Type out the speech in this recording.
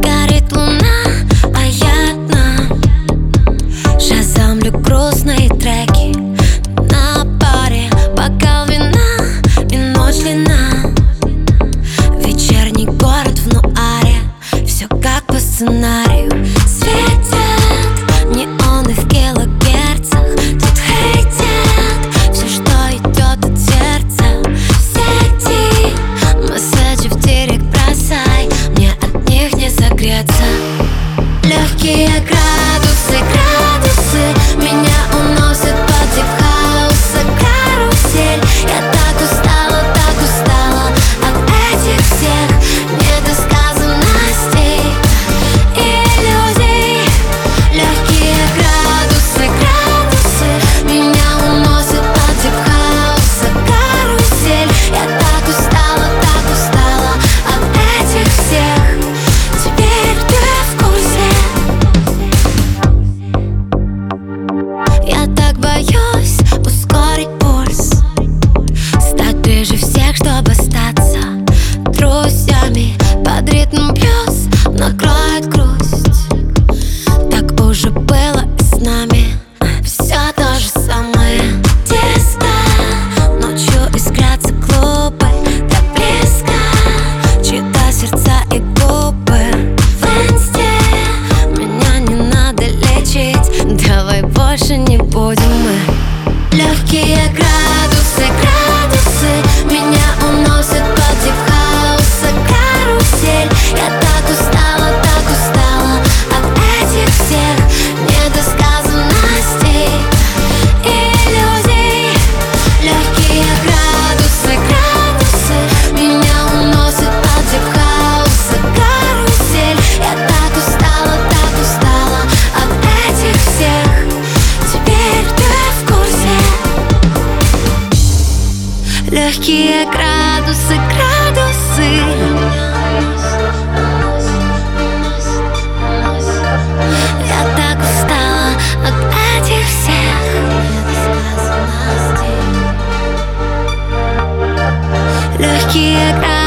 Горит луна, а я одна Шазамлю грустные треки На паре бокал вина и ночь длина легкие края. край Легкие градусы, градусы Я так устала от всех Легкие градусы